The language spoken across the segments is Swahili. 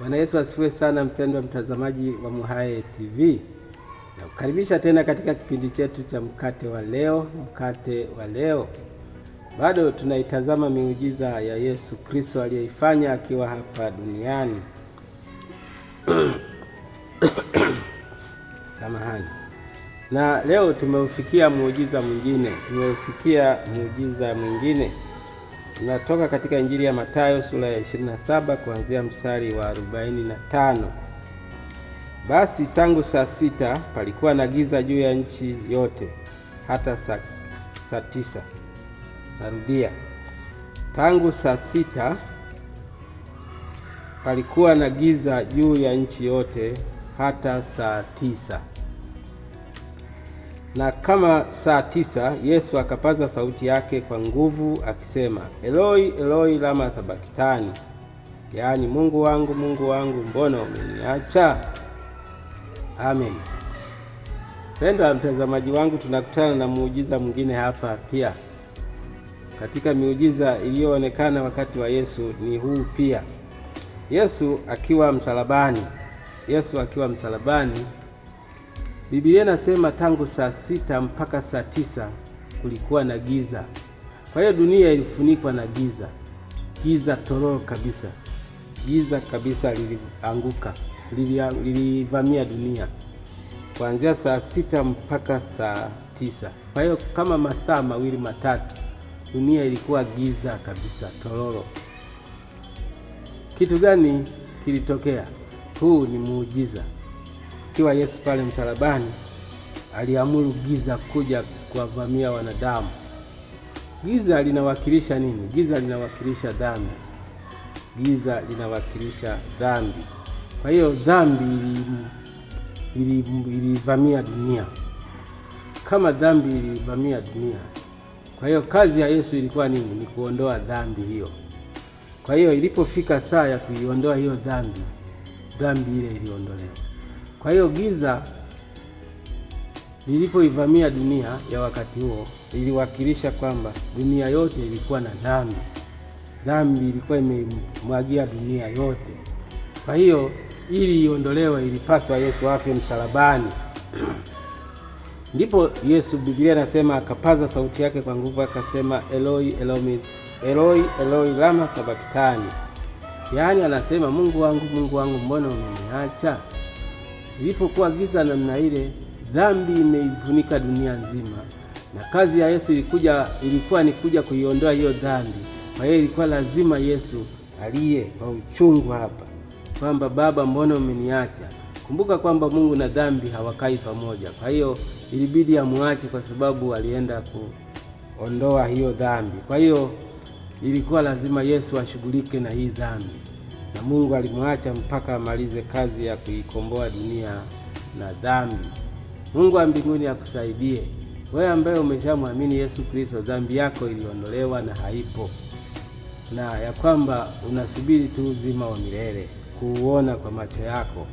Bwana Yesu asifiwe sana, mpendwa mtazamaji wa MHAE TV, nakukaribisha tena katika kipindi chetu cha mkate wa leo. Mkate wa leo, bado tunaitazama miujiza ya Yesu Kristo aliyoifanya akiwa hapa duniani. Samahani. Na leo tumeufikia muujiza mwingine, tumeufikia muujiza mwingine Tunatoka katika Injili ya Mathayo sura ya 27 kuanzia mstari wa 45. Basi tangu saa sita palikuwa na giza juu ya nchi yote hata saa, saa tisa. Narudia, tangu saa sita palikuwa na giza juu ya nchi yote hata saa tisa. Na kama saa tisa Yesu akapaza sauti yake kwa nguvu akisema, Eloi, Eloi lama sabakitani, yaani Mungu wangu, Mungu wangu, mbona umeniacha? Amen. Pendwa mtazamaji wangu, tunakutana na muujiza mwingine hapa pia. Katika miujiza iliyoonekana wakati wa Yesu ni huu pia. Yesu akiwa msalabani, Yesu akiwa msalabani Biblia inasema tangu saa sita mpaka saa tisa kulikuwa na giza. Kwa hiyo dunia ilifunikwa na giza, giza tororo kabisa, giza kabisa lilianguka, lilivamia dunia kuanzia saa sita mpaka saa tisa. Kwa hiyo kama masaa mawili matatu, dunia ilikuwa giza kabisa, tororo. Kitu gani kilitokea? Huu ni muujiza. Akiwa Yesu pale msalabani, aliamuru giza kuja kuwavamia wanadamu. Giza linawakilisha nini? Giza linawakilisha dhambi. Giza linawakilisha dhambi. Kwa hiyo dhambi ilivamia dunia kama dhambi ilivamia dunia. Kwa hiyo kazi ya Yesu ilikuwa nini? Ni kuondoa dhambi hiyo. Kwa hiyo ilipofika saa ya kuiondoa hiyo dhambi, dhambi ile iliondolewa. Kwa hiyo giza lilipoivamia dunia ya wakati huo liliwakilisha kwamba dunia yote ilikuwa na dhambi, dhambi ilikuwa imemwagia dunia yote. Kwa hiyo ili iondolewe, ilipaswa Yesu afye msalabani. Ndipo Yesu, Biblia nasema, akapaza sauti yake kwa nguvu akasema, Eloi Eloi Eloi Eloi lama sabaktani, yaani anasema Mungu wangu Mungu wangu, mbona umeniacha? ilipokuwa giza namna ile, dhambi imeifunika dunia nzima, na kazi ya Yesu ilikuja, ilikuwa ni kuja kuiondoa hiyo dhambi. Kwa hiyo ilikuwa lazima Yesu aliye kwa uchungu hapa kwamba Baba, mbona umeniacha? Kumbuka kwamba Mungu na dhambi hawakai pamoja. Kwa hiyo ilibidi amwache kwa sababu alienda kuondoa hiyo dhambi. Kwa hiyo ilikuwa lazima Yesu ashughulike na hii dhambi na Mungu alimwacha mpaka amalize kazi ya kuikomboa dunia na dhambi. Mungu wa mbinguni akusaidie wewe ambaye umeshamwamini Yesu Kristo, dhambi yako iliondolewa na haipo, na ya kwamba unasubiri tu uzima wa milele kuuona kwa macho yako.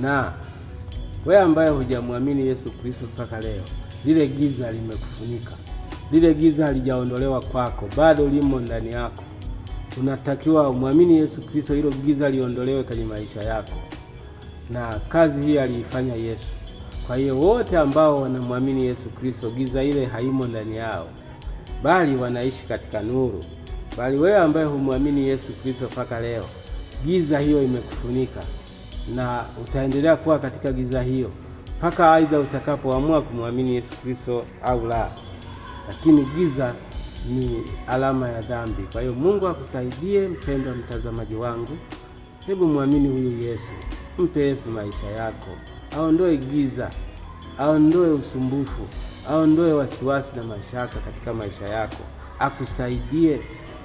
Na wewe ambaye hujamwamini Yesu Kristo mpaka leo, lile giza limekufunika, lile giza halijaondolewa kwako, bado limo ndani yako unatakiwa umwamini Yesu Kristo, hilo giza liondolewe kwenye maisha yako, na kazi hii aliifanya Yesu. Kwa hiyo wote ambao wanamwamini Yesu Kristo, giza ile haimo ndani yao, bali wanaishi katika nuru. Bali wewe ambaye humwamini Yesu Kristo mpaka leo, giza hiyo imekufunika na utaendelea kuwa katika giza hiyo mpaka aidha utakapoamua kumwamini Yesu Kristo au la, lakini giza ni alama ya dhambi. Kwa hiyo Mungu akusaidie mpendwa mtazamaji wangu, hebu mwamini huyu Yesu, mpe Yesu maisha yako, aondoe giza, aondoe usumbufu, aondoe wasiwasi na mashaka katika maisha yako, akusaidie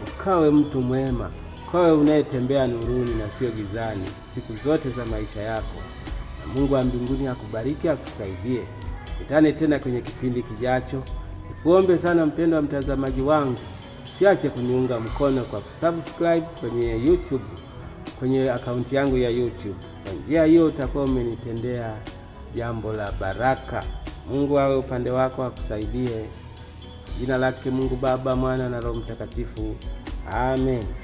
ukawe mtu mwema, ukawe unayetembea nuruni na sio gizani siku zote za maisha yako, na Mungu wa mbinguni akubariki, akusaidie. Kutane tena kwenye kipindi kijacho. Nikuombe sana mpendo wa mtazamaji wangu, usiache kuniunga mkono kwa kusubscribe kwenye YouTube, kwenye akaunti yangu ya YouTube. Kwa njia hiyo utakuwa umenitendea jambo la baraka. Mungu awe upande wako, akusaidie. Jina lake Mungu Baba, Mwana na Roho Mtakatifu, amen.